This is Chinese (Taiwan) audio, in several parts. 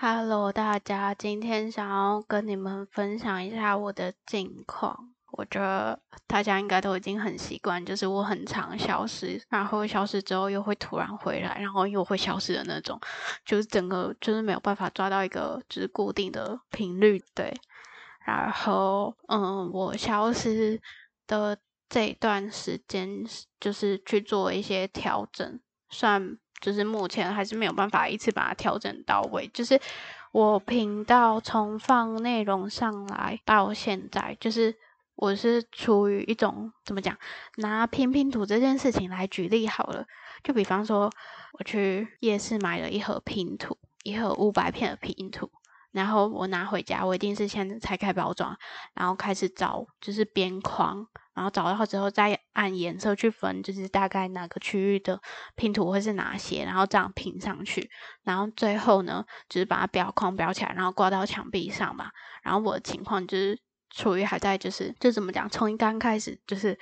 Hello，大家，今天想要跟你們分享一下我的近況。我覺得大家應該都已經很習慣，就是我很常消失，然後消失之後又會突然回來，然後又會消失的那種，就是整個就是沒有辦法抓到一個就是固定的頻率，對。然後，嗯，我消失的這段時間，就是去做一些調整，算。就是目前還是沒有辦法一次把它調整到位。就是我頻道從放內容上來到現在，就是我是處於一種怎麼講？拿拼拼圖這件事情來舉例好了。就比方說，我去夜市買了一盒拼圖，一盒五百片的拼圖，然後我拿回家，我一定是先拆開包裝，然後開始找，就是邊框。然後找到之後，再按顏色去分，就是大概哪個區域的拼圖會是哪些，然後這樣拼上去。然後最後呢，就是把它裱框、裱起來，然後掛到牆壁上嘛。然後我的情況就是處於還在，就是就怎麼講，從一剛開始就是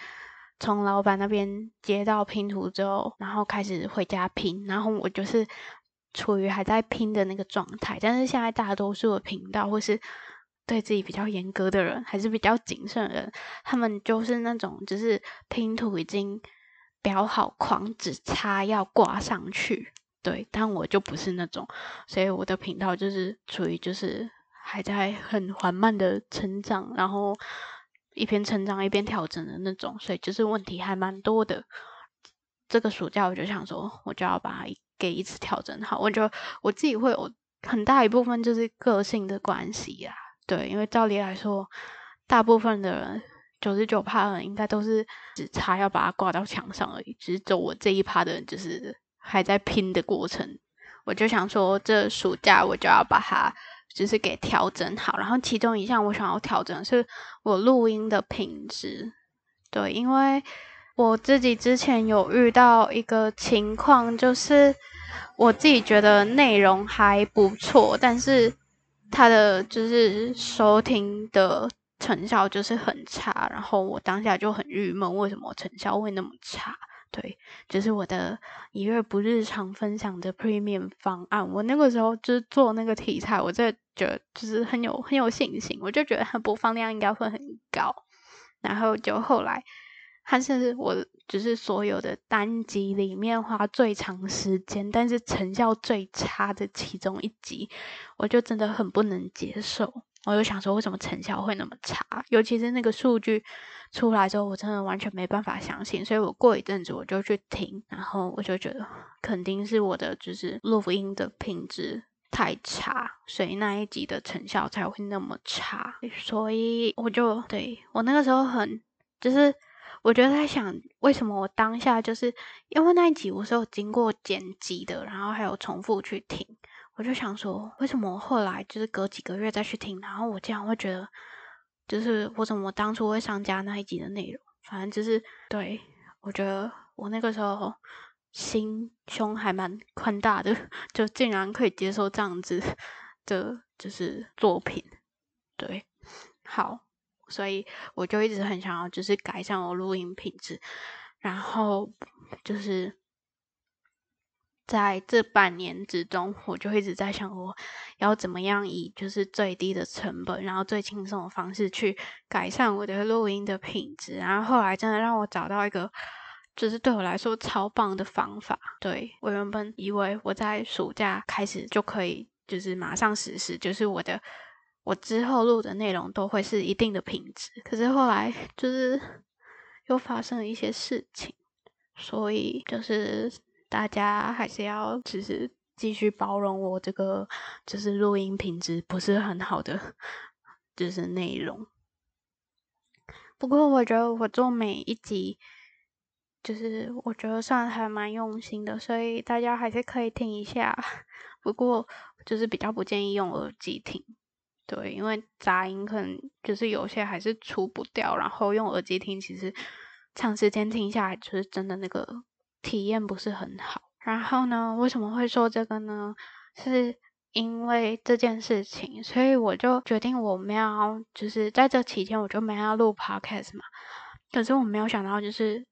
從老闆那邊接到拼圖之後，然後開始回家拼，然後我就是處於還在拼的那個狀態。但是現在大多數的頻道或是。對自己比較嚴格的人，還是比較謹慎的人，他們就是那種，就是拼圖已經裱好框，只差要掛上去。對，但我就不是那種，所以我的頻道就是處於就是還在很緩慢的成長，然後一邊成長一邊調整的那種，所以就是問題還蠻多的。這個暑假我就想說，我就要把它給一次調整好。我就我自己會有很大一部分就是個性的關係啦、啊。對，因為照理來說，大部分的人九十九趴、的人應該都是只差要把它掛到牆上而已，只是走我這一趴的人就是還在拼的過程。我就想說，這暑假我就要把它就是給調整好，然後其中一項我想要調整的是我錄音的品質。對，因為我自己之前有遇到一個情況，就是我自己覺得內容還不錯，但是。他的就是收聽的成效就是很差，然後我當下就很鬱悶，為什麼成效會那麼差？對，就是我的一月不日常分享的 Premium 方案，我那個時候就是做那個題材，我在覺得就是很有很有信心，我就覺得它播放量應該會很高，然後就後來。它甚至我，只是所有的單集裡面花最長時間，但是成效最差的其中一集，我就真的很不能接受。我就想說，為什麼成效會那麼差？尤其是那個數據出來之後，我真的完全沒辦法相信。所以我過一陣子我就去聽，然後我就覺得肯定是我的就是錄音的品質太差，所以那一集的成效才會那麼差。所以我就對，我那個時候很，就是。我覺得在想，為什麼我當下就是因為那一集我是有經過剪輯的，然後還有重複去聽，我就想說，為什麼後來就是隔幾個月再去聽，然後我竟然會覺得，就是我怎麼當初會上架那一集的內容？反正就是對，我覺得我那個時候心胸還蠻寬大的，就竟然可以接受這樣子的，就是作品，對，好。所以我就一直很想要，就是改善我錄音品質。然後就是在這半年之中，我就一直在想，我要怎麼樣以就是最低的成本，然後最輕鬆的方式去改善我的錄音的品質。然後後來真的讓我找到一個，就是對我來說超棒的方法。對，我原本以為我在暑假開始就可以，就是馬上實施，就是我的。我之後錄的內容都會是一定的品質，可是後來就是又發生了一些事情，所以就是大家還是要其實繼續包容我這個就是錄音品質不是很好的就是內容。不過我覺得我做每一集就是我覺得算還蠻用心的，所以大家還是可以聽一下。不過就是比較不建議用耳機聽。對，因為雜音可能就是有些還是除不掉，然後用耳機聽，其實長時間聽下來，就是真的那個體驗不是很好。然後呢，為什麼會說這個呢？是因為這件事情，所以我就決定我沒有，就是在這期間我就沒有要錄 podcast 嘛。可是我沒有想到，就是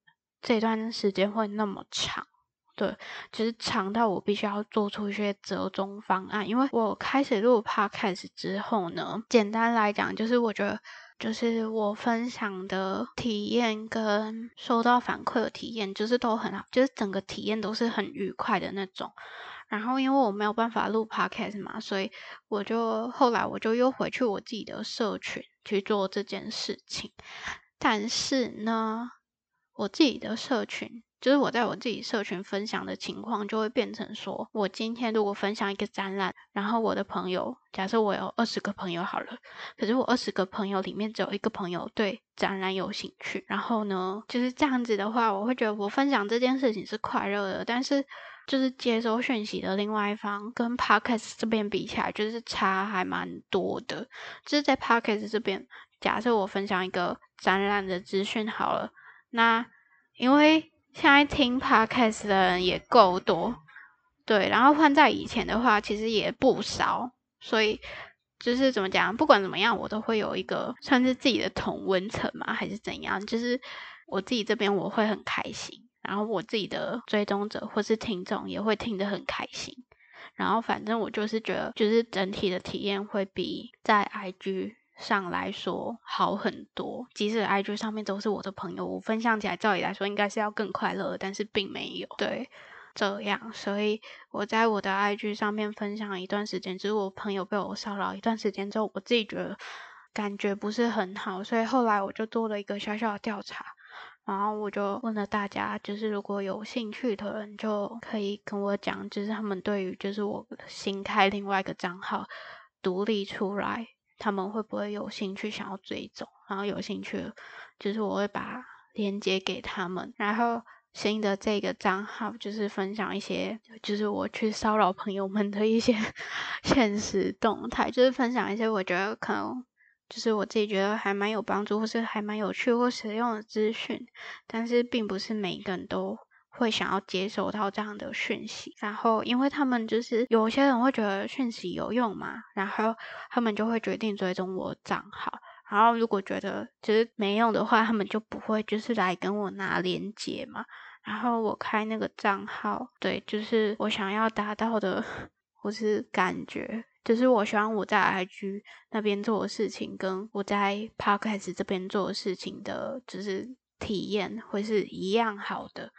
這段時間會那麼長。對，其實長到我必須要做出一些折中方案。因為我開始錄 podcast 之後呢，簡單來講，就是我覺得，就是我分享的體驗跟收到反饋的體驗，就是都很好，就是整個體驗都是很愉快的那種。然後，因為我沒有辦法錄 podcast 嘛，所以我就後來我就又回去我自己的社群去做這件事情。但是呢，我自己的社群。就是我在我自己社群分享的情況，就會變成說，我今天如果分享一個展覽，然後我的朋友，假設我有二十個朋友好了，可是我二十個朋友裡面只有一個朋友對展覽有興趣，然後呢，就是這樣子的話，我會覺得我分享這件事情是快樂的，但是就是接收訊息的另外一方跟 Podcast 這邊比起來，就是差還蠻多的。就是在 Podcast 這邊，假設我分享一個展覽的資訊好了，那因為現在聽 podcast 的人也夠多，對，然後換在以前的話，其實也不少，所以就是怎麼講，不管怎麼樣，我都會有一個算是自己的同溫層嘛，還是怎樣，就是我自己這邊我會很開心，然後我自己的追蹤者或是聽眾也會聽得很開心，然後反正我就是覺得，就是整體的體驗會比在 IG 上來說好很多，即使 IG 上面都是我的朋友，我分享起來照理來說應該是要更快樂的，但是並沒有，對，這樣，所以我在我的 IG 上面分享了一段時間，只、就是我朋友被我騷擾一段時間之後，我自己覺得感覺不是很好，所以後來我就做了一個小小的調查，然後我就問了大家，就是如果有興趣的人就可以跟我講，就是他們對於就是我新開另外一個賬號，獨立出來。他們會不會有興趣想要追蹤？然後有興趣，就是我會把鏈接給他們。然後新的這個賬號就是分享一些，就是我去騷擾朋友們的一些限時動態，就是分享一些我覺得可能就是我自己覺得還蠻有幫助，或是還蠻有趣或實用的資訊。但是並不是每一個人都會想要接收到這樣的訊息，然後因為他們就是有些人會覺得訊息有用嘛，然後他們就會決定追蹤我賬號。然後如果覺得就是沒用的話，他們就不會就是來跟我拿連結嘛。然後我開那個賬號，對，就是我想要達到的不是感覺，就是我希望我在 IG 那邊做的事情，跟我在 Podcast 這邊做的事情的，就是體驗會是一樣好的。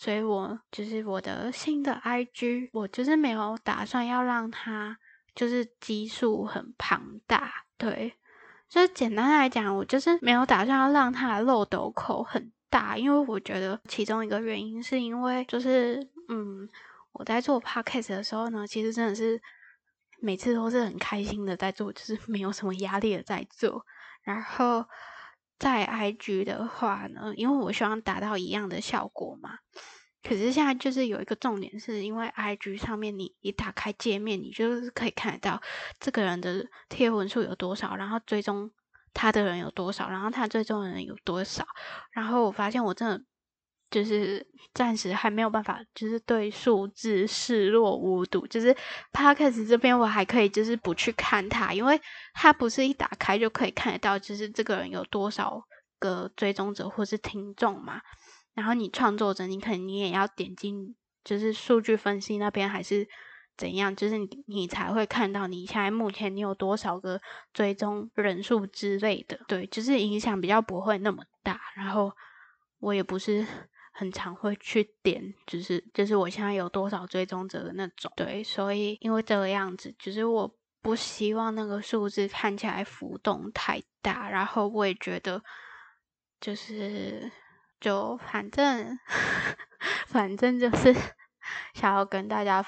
所以我，我就是我的新的 I G，我就是沒有打算要讓它就是基數很龐大，對，就是簡單來講，我就是沒有打算要讓它的漏斗口很大，因為我覺得其中一個原因是因為，就是嗯，我在做 Podcast 的時候呢，其實真的是每次都是很開心的在做，就是沒有什麼壓力的在做，然後。在 IG 的話呢，因為我希望達到一樣的效果嘛，可是現在就是有一個重點是，是因為 IG 上面你一打開界面，你就是可以看得到這個人的貼文數有多少，然後追蹤他的人有多少，然後他追蹤的人有多少，然後我發現我真的。就是暫時還沒有辦法，就是對數字視若無睹。就是 podcast 這邊我還可以，就是不去看他，因為他不是一打開就可以看得到，就是這個人有多少個追蹤者或是聽眾嘛。然後你創作者，你可能你也要點進，就是數據分析那邊還是怎樣，就是你，你才會看到你現在目前你有多少個追蹤人數之類的。對，就是影響比較不會那麼大。然後我也不是。很常會去點，就是就是我現在有多少追蹤者的那種。對，所以因為這個樣子，就是我不希望那個數字看起來浮動太大，然後我也覺得就是就反正反正就是想要跟大家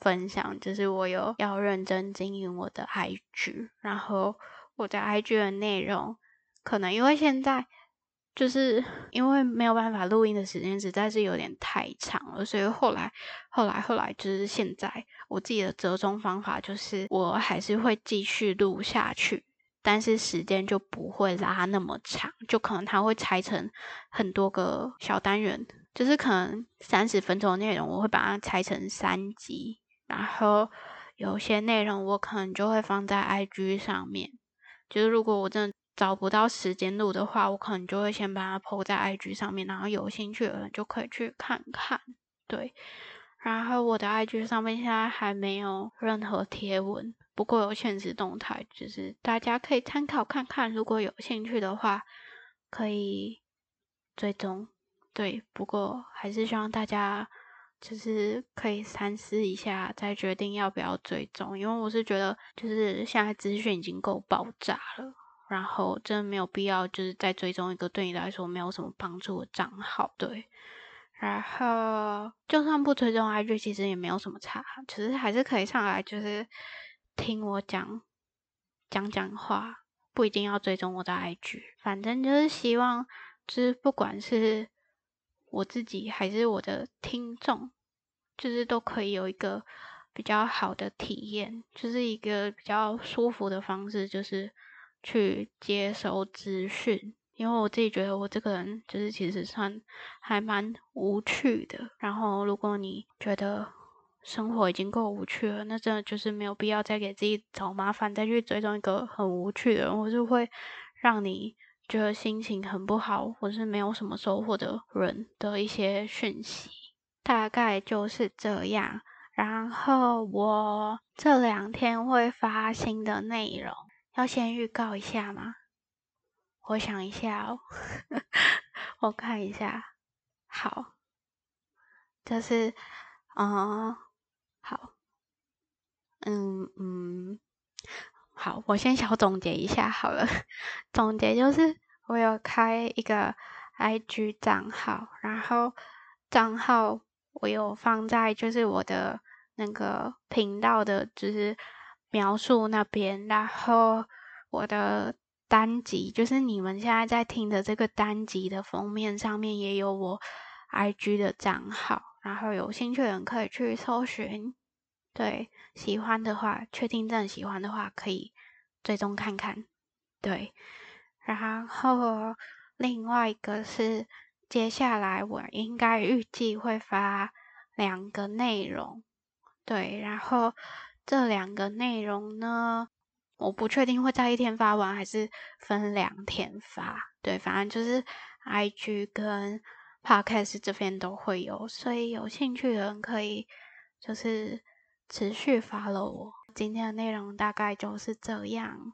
分享，就是我有要認真經營我的 IG，然後我的 IG 的內容，可能因為現在。就是因為沒有辦法錄音的時間實在是有點太長了，所以後來、後來、後來，就是現在我自己的折中方法就是，我還是會繼續錄下去，但是時間就不會拉那麼長，就可能它會拆成很多個小單元，就是可能三十分鐘的內容我會把它拆成三集，然後有些內容我可能就會放在 IG 上面，就是如果我真的。找不到時間錄的話，我可能就會先把它 po 在 IG 上面，然後有興趣的人就可以去看看。對，然後我的 IG 上面現在還沒有任何貼文，不過有限時動態，就是大家可以參考看看。如果有興趣的話，可以追蹤。對，不過還是希望大家就是可以三思一下，再決定要不要追蹤。因為我是覺得，就是現在資訊已經夠爆炸了。然後真的沒有必要，就是再追蹤一個對你來說沒有什麼幫助的賬號，對。然後就算不追蹤 IG，其實也沒有什麼差，其實還是可以上來，就是聽我講講講話，不一定要追蹤我的 IG。反正就是希望，就是不管是我自己還是我的聽眾，就是都可以有一個比較好的體驗，就是一個比較舒服的方式，就是。去接收資訊，因為我自己覺得我這個人就是其實算還蠻無趣的。然後如果你覺得生活已經夠無趣了，那真的就是沒有必要再給自己找麻煩，再去追蹤一個很無趣的人，或是會讓你覺得心情很不好，或是沒有什麼收穫的人的一些訊息，大概就是這樣。然後我這兩天會發新的內容。要先預告一下嗎？我想一下哦， 我看一下。好，就是啊、嗯，好，嗯嗯，好，我先小總結一下好了。總結就是，我有開一個 I G 賬號，然後賬號我有放在就是我的那個頻道的，就是。描述那邊，然後我的單集就是你們現在在聽的這個單集的封面上面也有我 I G 的賬號，然後有興趣的人可以去搜尋。對，喜歡的話，確定真喜歡的話，可以追蹤看看。對，然後另外一個是接下來我應該預計會發兩個內容。對，然後。這兩個內容呢，我不確定會在一天發完，還是分兩天發。對，反正就是 IG 跟 Podcast 這邊都會有，所以有興趣的人可以就是持續 follow 我。今天的內容大概就是這樣。